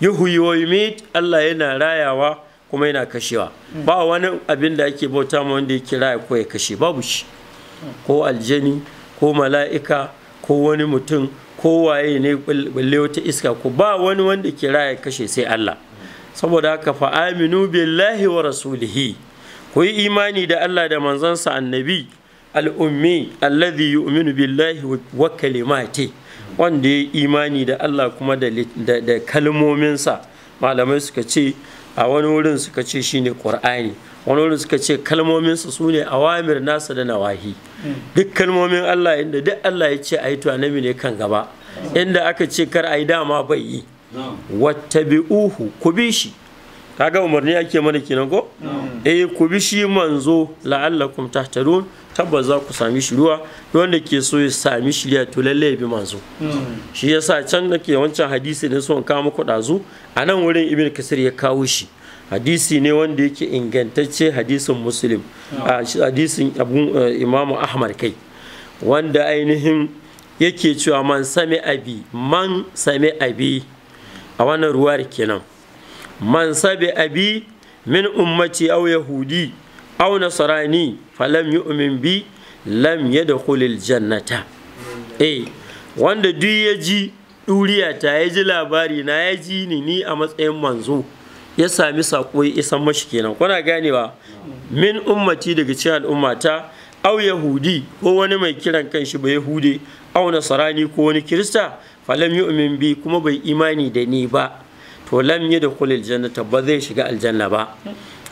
yuhyi wa yumit Allah yana rayawa kuma yana kashewa ba wani abin da ake bauta ma wanda yake raya ko ya kashe babu shi ko aljani ko mala'ika ko wani mutum ko waye ne balle wata iska ko ba wani wanda ke raya kashe sai Allah saboda haka fa aminu billahi wa rasulihi ku yi imani da Allah da manzansa annabi al'ummi alladhi yu'minu billahi wa kalimati wanda ya imani da Allah kuma da kalmominsa malamai suka ce a wani wurin suka ce shine qur'ani wani wurin suka ce kalmominsa su ne awamir nasa da nawahi duk kalmomin Allah inda duk Allah ya ce a yi tuwanami ne kan gaba inda aka ce kar a yi dama bai yi wattabi'uhu ku bi shi kaga umarni ake mana kenan ko eh ku bi shi manzo la'allakum tahtarun tabbas za ku sami don da ke so ya sami shiriya to lalle bi manzo hmm. shi yasa can nake wancan hadisi da son kawo muku dazu a nan wurin ibn kasir ya kawo shi hadisi ne wanda yake ingantacce hadisin muslim hmm. hadisin abu eh, imamu ahmad kai wanda ainihin yake cewa man sami abi man sami abi a wannan ruwar kenan man sabi abi min ummati au yahudi aw nasrani falam yu'min bi lam yadkhulil jannata eh wanda duk ya ji duriya ta ya ji labari na ya ji ni ni a matsayin manzo ya sami sako ya isan mashi kenan kuna ganewa min ummati daga cikin al'ummata au yahudi ko wani mai kiran kanshi ba yahude au nasarani ko wani kirista falam yu'min bi kuma bai imani da ni ba to lam yadkhulil jannata ba zai shiga aljanna ba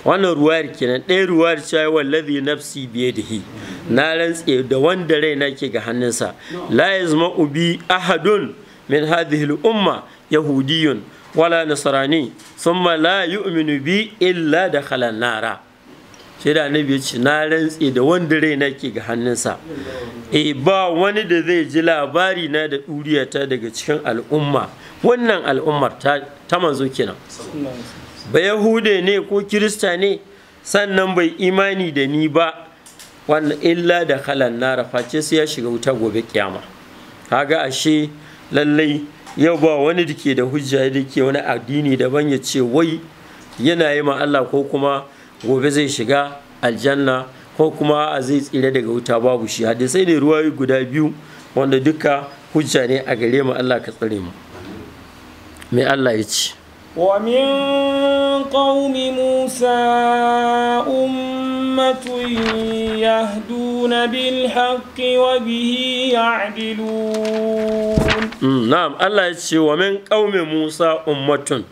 wannan ruwayar kenan ɗaya ruwayar cewa wallazi nafsi biyadihi na rantse da wanda raina ke ga hannunsa la yazma ubi ahadun min hadhihi umma yahudiyun wala nasrani thumma la yu'minu bi illa dakhala nara sai da annabi ya ce na rantse da wanda raina ke ga hannunsa e ba wani da zai ji labari na da ɗuriyata daga cikin al'umma wannan al'ummar ta manzo kenan ba yahude ne ko kirista ne sannan bai imani da ni ba wannan illa da halan nara face sai ya shiga wuta gobe kyama kaga ashe lallai yau ba wani da da hujja da ke wani addini daban ya ce wai yana yi ma Allah ko kuma gobe zai shiga aljanna ko kuma a zai tsira daga wuta babu shi hadisai ne ruwa guda biyu wanda duka hujja ne a gare mu Allah ka tsare mu mai Allah ya ce ومن قوم موسى أمة يهدون بالحق وبه يعدلون نعم الله يتشي ومن قوم موسى أمة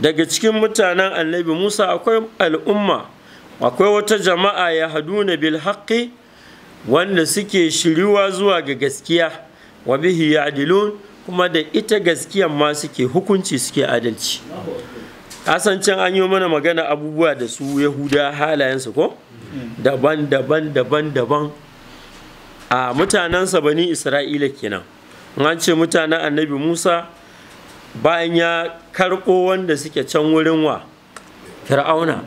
daga cikin mutanen annabi Musa akwai al'umma akwai wata jama'a ya na bil wanda suke shiriwa zuwa ga gaskiya wa bihi adilun kuma da ita gaskiya ma suke hukunci suke adalci can an yi mana magana abubuwa da su yahuda halayensu ko daban daban daban daban a mutanensa bani isra'ila kenan an ce mutanen annabi musa bayan ya karɓo wanda suke can wurin wa fir'auna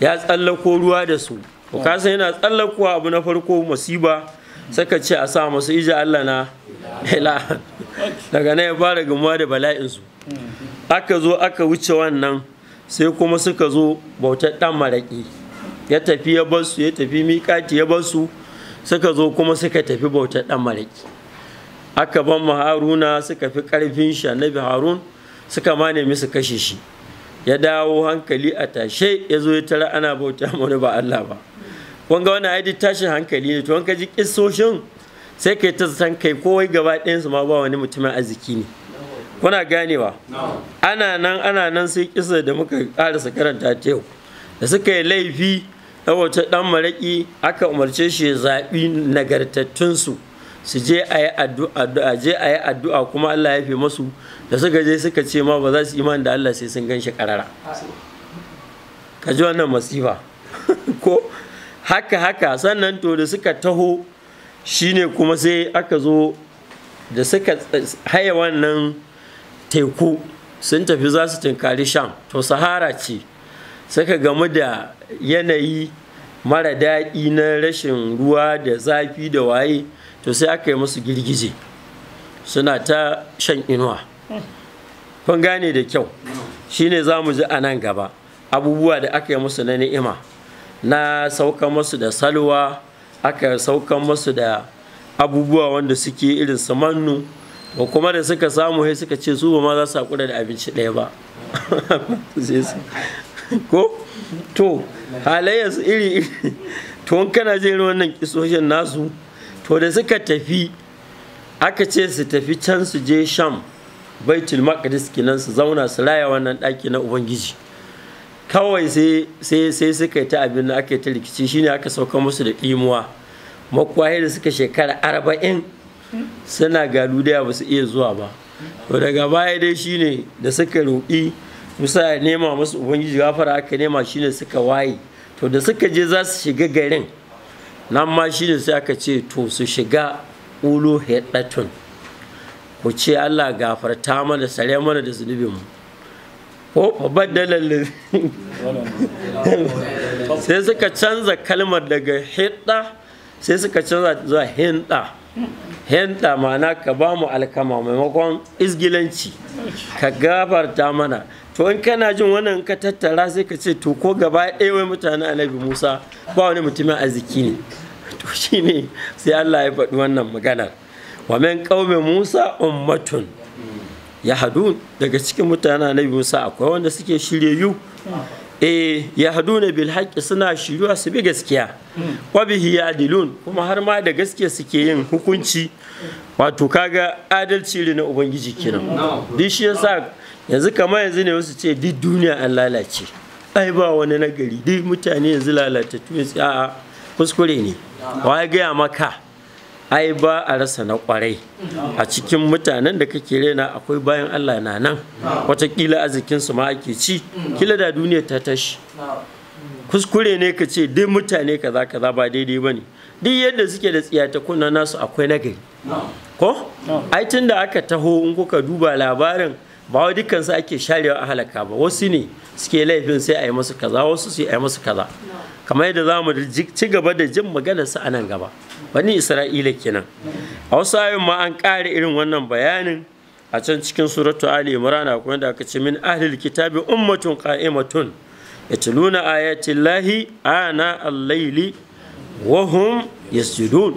ya tsallako ruwa da su kasan yana tsallakowa abu na farko masiba suka ce a sa su ija Allah na ila daga nan ya fara gamuwa da bala'insu aka zo aka wuce wannan sai kuma suka zo bautar dan maraƙi ya tafi ya bar su ya tafi miƙati ya bar su suka zo kuma suka tafi bautar dan maraƙi aka ban mu haruna suka fi ƙarfin shi annabi harun suka ma nemi su kashe shi ya dawo hankali a tashe ya zo ya tara ana bauta mu ba Allah ba kun ga wani aidi tashin hankali ne to an ka ji kisoshin sai kai ta san kai kowai gaba ɗayansu ma ba wani mutumin arziki ne kuna ganewa ana nan ana nan sai kisa da muka karasa karanta ta yau da suka yi laifi na wata ɗan maraƙi aka umarce shi ya zaɓi nagartattunsu su je a yi addu'a je a yi addu'a kuma Allah ya fi masu da suka je suka ce ma ba za su iman da Allah sai sun gan shi karara ka ji wannan masifa ko haka haka sannan to da suka taho shine kuma sai aka zo da suka haya wannan teku sun tafi za su tunkari sham to sahara ce suka gamu da yanayi mara daɗi na rashin ruwa da zafi da waye to sai aka yi musu girgije suna ta shan inuwa kun gane da kyau shine za mu ji a nan gaba abubuwa da aka yi musu na ni'ima na sauka musu da salwa aka sauka musu da abubuwa wanda suke irin su mannu ba kuma da suka samu sai suka ce su ba ma za su haƙura da abinci ɗaya ba ko to halayyarsu iri iri to kana jin wannan kisoshin nasu to da suka tafi aka ce su tafi can su je sham baitul maqdis kenan su zauna su raya wannan ɗaki na ubangiji kawai sai suka yi ta abin da aka yi ta rikici shine aka sauka musu da ɗimuwa makwaye da suka shekara arba'in suna galu da ba su iya zuwa ba to daga baya dai shine da suka roƙi musa nema musu ubangiji gafara aka nema shine suka waye to da suka je za su shiga garin nan ma shine sai aka ce to su shiga ulu hedatun ku ce allah gafarta mana sare mana da zunubinmu ko oh, sai suka canza kalmar daga hidda sai suka canza zuwa hinda hinda ma'ana ka ba mu alkama maimakon izgilanci ka gafarta mana to in kana jin wannan ka tattara sai ka ce to ko gaba ɗaya wai mutane annabi musa ba wani mutumin arziki ne to ne sai allah ya faɗi wannan maganar wa min qaumi musa ummatun ya hadu daga cikin mutane na musa akwai wanda suke shiryayyu eh ya hadu na bil suna shiryuwa su bi gaskiya bihi ya dilun kuma har ma da gaske suke yin hukunci wato kaga adalci ne na ubangiji kenan duk shi yasa yanzu kamar yanzu ne wasu ce duk duniya an lalace ai ba wani nagari duk mutane yanzu lalatattu a'a kuskure ne wa ya gaya maka ai ba a rasa na kwarai a cikin mutanen da kake rena akwai bayan Allah na nan watakila arzikinsu ma ake ci kila da duniya ta tashi kuskure ne ka ce duk mutane kaza kaza ba daidai ba ne duk yadda suke da tsiya kunna nasu akwai nagari ko ai tun da aka taho in kuka duba labarin ba wa dukkansu ake sharewa a halaka ba wasu ne suke laifin sai a yi musu kaza wasu sai a yi masu kaza kamar yadda za mu ci gaba da jin maganarsa a nan gaba bani isra'ila kenan a wasu ayon ma an ƙare irin wannan bayanin a can cikin suratu ali imran akwai da aka ce min ahlul kitabi ummatun qa'imatun yatluna ayati llahi ana al layli wa hum yasjudun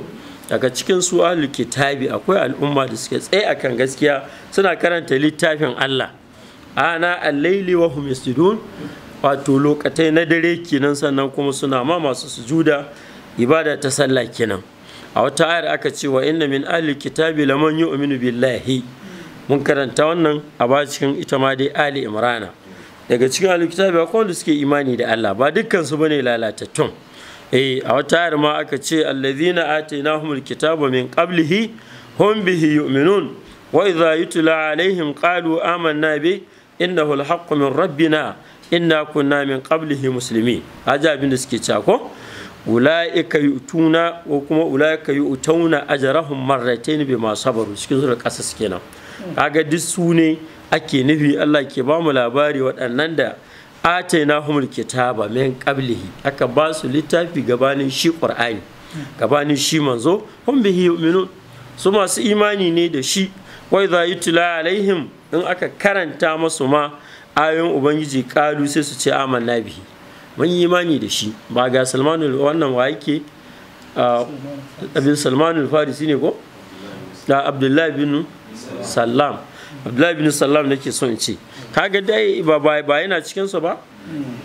daga cikin su ahlul kitabi akwai al'umma da suke tsaye akan gaskiya suna karanta littafin Allah ana al layli wa hum yasjudun wato lokacin na dare kenan sannan kuma suna ma masu sujuda ibada ta sallah kenan a wata ayar aka ce wa inna min ahli kitabi laman yu'minu billahi mun karanta wannan a bacin ita ma dai ali imrana daga cikin ahli kitabi akwai wanda suke imani da Allah ba dukkan su bane lalatattun eh a wata ayar ma aka ce allazina atainahumul kitaba min qablihi hum bihi yu'minun wa idza yutla alaihim qalu amanna bi innahu alhaqqu min rabbina inna kunna min qablihi muslimin haja abin da suke cako? ko ulaika yutuna ko kuma ulaika yutuna ajrahum marratayn bima sabaru cikin zuwa kasa suke nan kaga duk su ake nufi Allah ke ba mu labari waɗannan da atayna humul kitaba min qablihi aka ba su littafi gabanin shi qur'ani gabanin shi manzo hum bihi yu'minun su masu imani ne da shi wai za yi tula alaihim in aka karanta masu ma ayoyin ubangiji kalu sai su ce amanna bihi mun yi imani da shi ba ga salmanul wannan wa yake abin salmanul farisi ne ko da abdullahi bin salam abdullahi bin salam nake son in ce kaga dai ba ba yana cikin su ba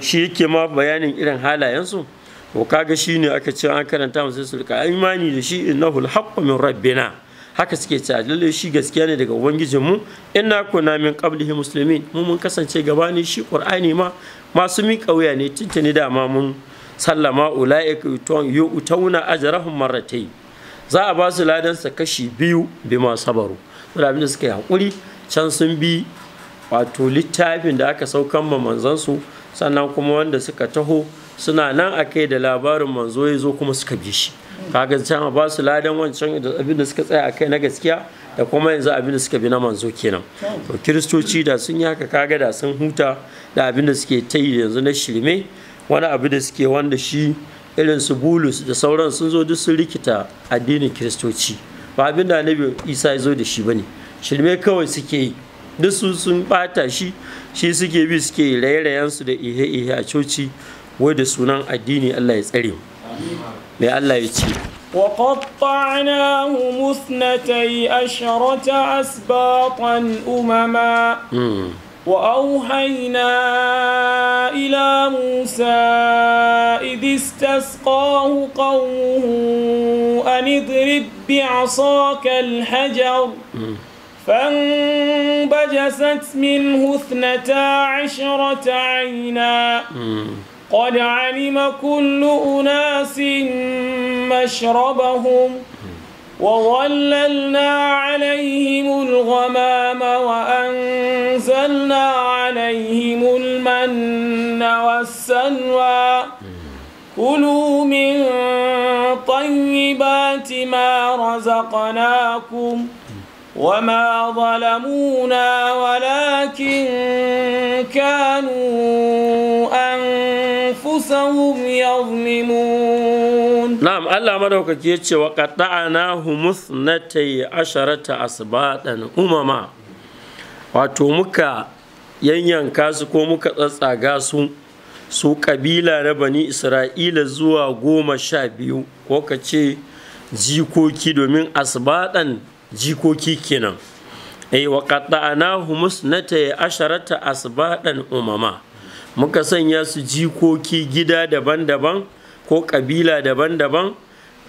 shi yake ma bayanin irin halayensu ko kaga shine aka ce an karanta musu su rika imani da shi innahu alhaqqu min rabbina haka suke cewa lalle shi gaskiya ne daga ubangijin mu inna kunna min qablihi muslimin mu mun kasance gabani shi qur'ani ma masu miƙa wuya ne tuntuni ma mun sallama ulaika yu'tawna ajrahum marratay za a ba su ladan sa kashi biyu ma sabaru saboda abinda suka yi hakuri can sun bi wato littafin da aka saukan ma su sannan kuma wanda suka taho suna nan a kai da labarin manzo ya kuma suka bi shi kaga sama ba su ladan wancan abin da suka tsaya a kai na gaskiya da kuma yanzu abin da suka bi na manzo kenan to kiristoci da sun yi haka kaga da sun huta da abin da suke ta yi yanzu na shirme wani abu da suke wanda shi irin su bulus da sauran sun zo duk sun rikita addinin kiristoci ba abinda da annabi isa ya zo da shi bane shirme kawai suke yi duk su sun bata shi shi suke bi suke raye-rayensu da ihe-ihe a coci wai da sunan addini allah ya tsare mu لئلا يتشي وقطعناهم اثنتي أشرة أسباطا أمما وأوحينا إلى موسى إذ استسقاه قومه أن اضرب بعصاك الحجر فانبجست منه اثنتا عشرة عينا قد علم كل أناس مشربهم وظللنا عليهم الغمام وأنزلنا عليهم المن والسلوى كلوا من طيبات ما رزقناكم ۖ وما ظلمونا ولكن كانوا أنفسهم يظلمون نعم الله مدوك كيتش وقطعناهم اثنتي عشرة أسباطا أمما wato muka yanyanka su ko su kabila na bani isra'ila zuwa goma sha biyu ko ka ce jikoki domin asbaɗan jikoki kenan ai eh, wa humus nata asharata asbadan umama muka sanya su jikoki gida daban-daban ko kabila daban-daban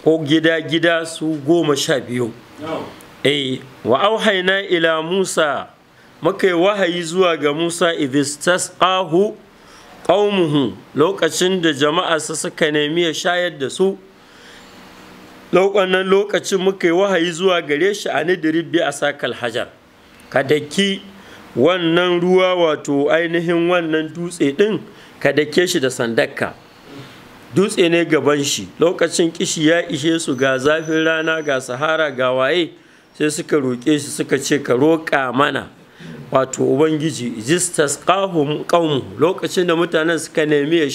ko gida-gida su goma sha biyu ai eh, wa auhaina ila musa muka yi wahayi zuwa ga musa idistasqahu qaumuhu lokacin da jama'a su suka nemi ya shayar da su lokacin lokacin muka yi wahayi zuwa gare shi a nidirib bi a sakal hajar ka daki wannan ruwa wato ainihin wannan dutse ɗin ka dake shi da sandakka dutse ne gaban shi lokacin kishi ya ishe su ga zafin rana ga sahara ga waye sai suka roƙe shi suka ce ka roƙa mana wato ubangiji jistas ƙahun ƙaunu lokacin da mutanen suka nemi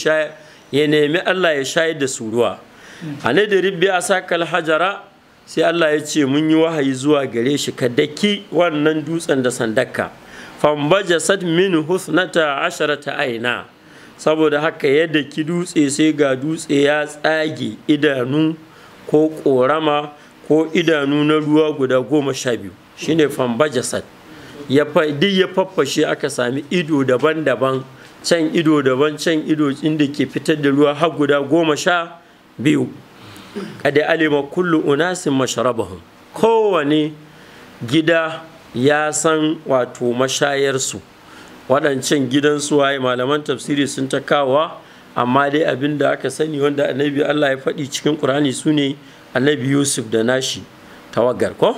ya nemi allah ya shayar da su ruwa a da ribbi a sakal hajara sai Allah ya ce mun yi wahayi zuwa gare shi ka daki wannan dutsen da sandakka jasad min husnata ta aina saboda haka ya daki dutse sai ga dutse ya tsage idanu ko korama ko idanu na ruwa guda goma sha biyu shine jasad ya duk ya faffashe aka sami ido daban-daban can ido daban can ido inda ke fitar da ruwa har guda goma sha biyu kada alima kullu unasin masharabahum kowane gida ya san wato mashayarsu waɗancan gidan waye malaman tafsiri sun ta kawa amma dai abin da aka sani wanda annabi Allah ya faɗi cikin ƙur'ani su ne annabi yusuf da nashi tawagar ko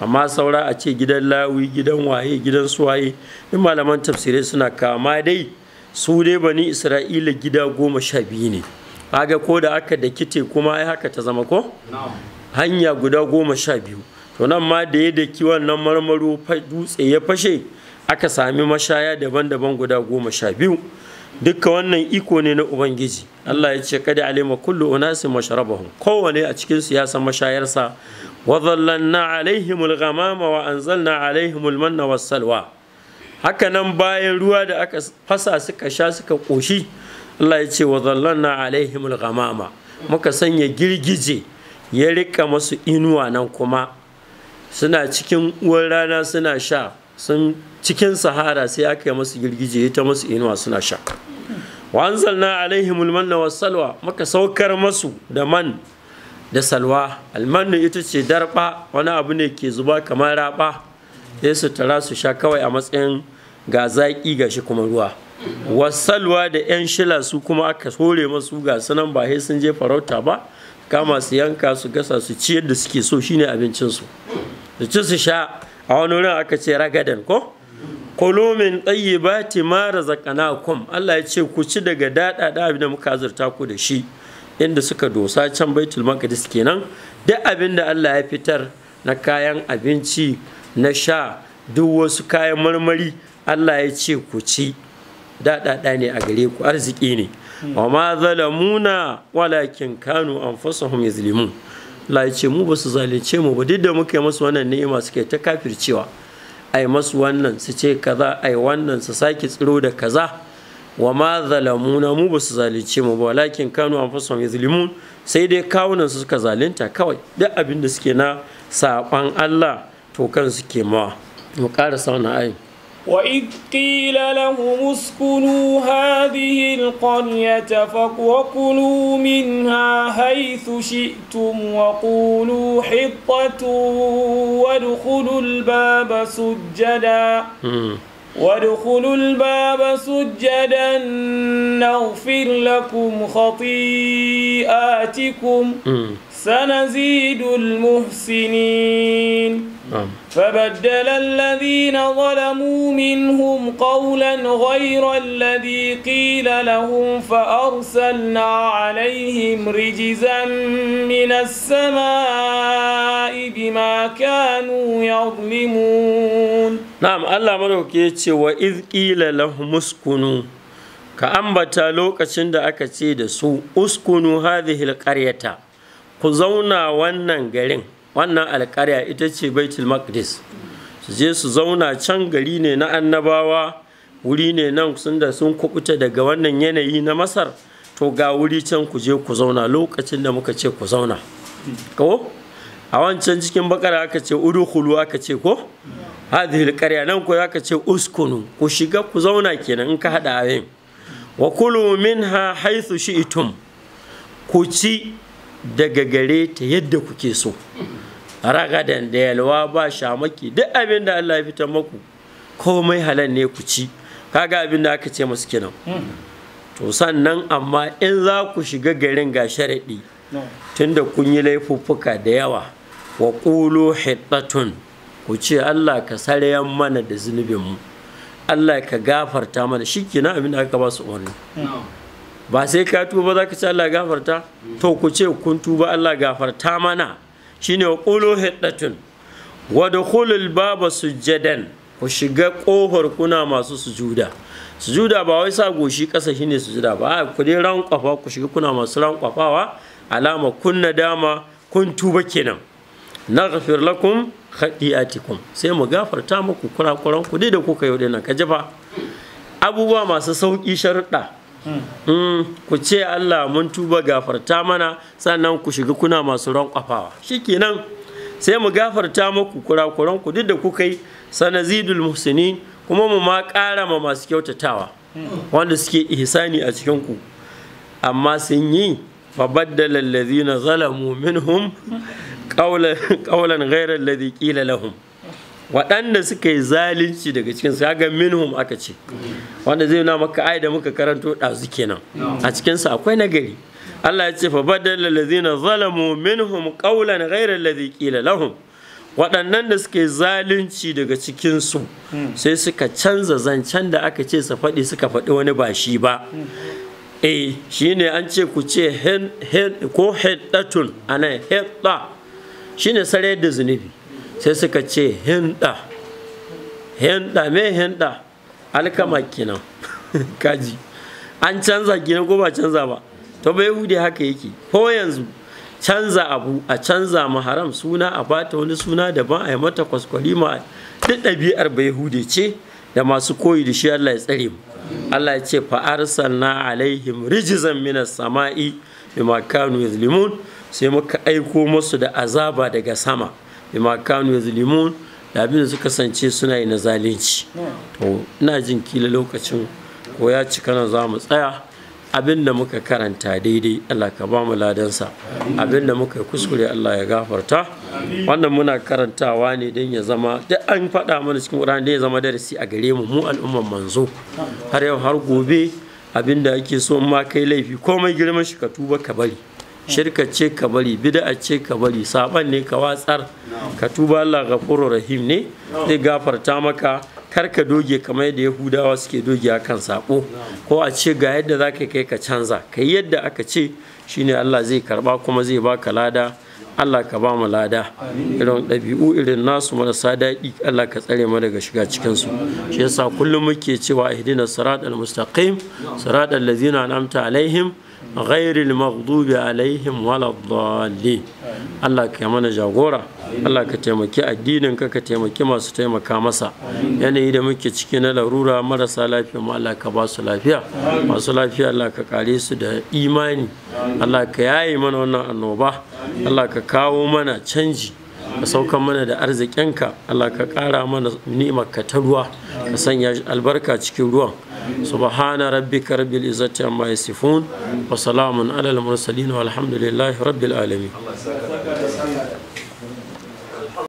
amma saura a ce gidan lawi gidan waye gidan su waye duk malaman tafsirai suna kama dai su dai bani isra'ila gida goma sha biyu ne kaga ko da aka da kite kuma ai haka ta zama ko hanya guda goma sha biyu to nan ma da ya daki wannan marmaro dutse ya fashe aka sami mashaya daban-daban guda goma sha biyu dukka wannan iko ne na ubangiji Allah ya ce kada alima kullu unasin masharabahum kowane a cikin su ya san mashayarsa wa dhallanna alaihimul ghamama wa anzalna alaihimul manna was haka bayan ruwa da aka fasa suka sha suka ƙoshi. Allah ya ce wa zallanna alaihim al-ghamama muka sanya girgije ya rika masu inuwa nan kuma suna cikin uwar rana suna sha sun cikin sahara sai aka yi masu girgije ita masu inuwa suna sha wa anzalna alaihim al-manna was-salwa muka saukar masu da man da salwa almanu ita ce darba wani abu ne ke zuba kamar raba sai su tara su sha kawai a matsayin ga zaki ga shi kuma ruwa wasalwa da 'yan shila su kuma aka hore masu ga sanan ba sai sun je farauta ba kama su yanka su gasa su ci yadda suke so shine abincinsu su ci su sha a wani wurin aka ce ragadan ko kulu min tayyibati ma razaqnakum Allah ya ce ku ci daga dada da abin da muka zarta ku da shi inda suka dosa can baitul maqdis kenan duk abin da Allah ya fitar na kayan abinci na sha duk wasu kayan marmari Allah ya ce ku ci daɗaɗa ne a gare ku arziki ne wa ma zalamuna walakin kanu an fasa ya mu ba su zalince mu ba duk da muka yi masu wannan ni'ima suke ta kafircewa ai masu wannan su ce kaza ai wannan su sake tsiro da kaza wa ma zalamuna mu ba su zalince mu ba walakin kanu anfusahum yazlimun sai dai kawunan su suka zalunta kawai duk abin da suke na saɓan Allah to kan suke mawa mu ƙara sauna ayin وإذ قيل لهم اسكنوا هذه القرية فكلوا منها حيث شئتم وقولوا حطة وادخلوا الباب سجدا وادخلوا الباب سجدا نغفر لكم خطيئاتكم سنزيد المحسنين فبدل الذين ظلموا منهم قولا غير الذي قيل لهم فأرسلنا عليهم رجزا من السماء بما كانوا يظلمون نعم الله ملوك يتشي وإذ قيل لهم اسكنوا كأنبتا لوك شند أكتشيد سو اسكنوا هذه القرية ku zauna wannan garin wannan alƙarya ita ce baitul maqdis su je su zauna can gari ne na annabawa wuri ne nan sun da sun kubuta daga wannan yanayi na masar to ga wuri can ku je ku zauna lokacin da muka ce ku zauna ko a wancan cikin bakara aka ce udkhulu aka ce ko hadhihi alqarya nan ko aka ce uskunu ku shiga ku zauna kenan in ka hada ayin wa kulu minha haythu shi'tum ku ci daga gare ta yadda kuke so ragadan da yalwa ba shamaki duk abin da Allah ya fita maku komai halal ne ku ci kaga abin da aka ce musu kenan to sannan amma in za ku shiga garin ga sharadi tunda kun yi laifuffuka da yawa wa qulu hittatun ku ce Allah ka sarayan mana da zunubinmu Allah ka gafarta mana shi abin da aka ba su umarni ba sai ka tuba za ka ci Allah gafarta to ku ce kun tuba Allah gafarta mana shine wa qulu hiddatun wa dukhulul baba sujadan ku shiga kofar kuna masu sujuda sujuda ba wai sa goshi ƙasa shine sujuda ba ku dai ran kwafa ku shiga kuna masu ran kwafawa alama kunna dama kun tuba kenan Na naghfir lakum khati'atikum sai mu gafarta muku kurakuran ku dai da kuka yi wadannan ka jafa abubuwa masu sauki sharuɗa Mm, ku ce Allah mun tuba gafarta mana sannan ku shiga kuna masu rankwafawa shikenan sai mu gafarta muku kurakuran ku duk da kuka yi sanazidul muhsini kuma mu ma ƙara ma masu kyautatawa wanda suke ihsani a cikin ku amma sun yi fabaddala allazina zalamu minhum qawlan ghayra alladhi qila lahum waɗanda suka yi zalunci daga cikin su ga minhum aka ce wanda zai na maka ai da muka karanto ɗazu kenan a cikin su akwai nagari Allah ya ce fa badal ladhina zalamu minhum qawlan ghayra alladhi qila lahum waɗannan da suka yi zalunci daga cikin su sai suka canza zancen da aka ce su faɗi suka faɗi wani ba shi ba eh shine an ce ku ce ko hiddatun anan hidda shine sare da zunubi sai suka ce hinda hinda me hinda alkama kenan kaji an canza gina ko ba canza ba to bai hude haka yake ko yanzu canza abu a canza maharam suna a bata wani suna daban a yi mata kwaskwari ma duk ɗabi'ar bai hude ce da masu koyi da shi Allah ya tsare mu Allah ya ce fa arsalna alaihim rijzan minas sama'i bima kanu yuzlimun sai muka aiko musu da azaba daga sama bima kanu zulimun da abin da su kasance suna yi na zalunci to ina jin kila lokacin ko ya cika na za mu tsaya abin da muka karanta daidai Allah ka ba mu ladansa abin da muka kuskure Allah ya gafarta wannan muna karantawa ne don ya zama duk an faɗa mana cikin ƙur'ani da ya zama darasi a gare mu mu al'umman manzo har yau har gobe abin da ake so ma kai laifi komai girman shi ka tuba ka bari shirka ce ka bari bid'a ce ka bari saban ne ka watsar ka tuba Allah ghafuru rahim ne zai gafarta maka kar ka doge kamar yadda yahudawa suke doge kan sako ko a ce ga yadda zaka kai ka canza ka yi yadda aka ce shine Allah zai karba kuma zai baka lada Allah ka ba mu lada irin ɗabi'u irin nasu marasa daɗi Allah ka tsare mu daga shiga cikin su shi yasa kullum muke cewa ihdina siratal mustaqim siratal ladzina an'amta alaihim ghairil maghdubi alaihim waladdallin Allah ka mana jagora Allah ka taimaki addinin ka ka taimaki masu taimaka masa yanayi da muke ciki na larura marasa lafiya ma Allah ka ba su lafiya masu lafiya Allah ka kare su da imani Allah ka yaye mana wannan annoba Allah ka kawo mana canji ka sauka mana da arzikinka Allah ka kara mana ka ta ruwa ka sanya albarka cikin ruwan subhana rabbika rabbil izzati amma yasifun wa salamun alal mursalin walhamdulillahi rabbil alamin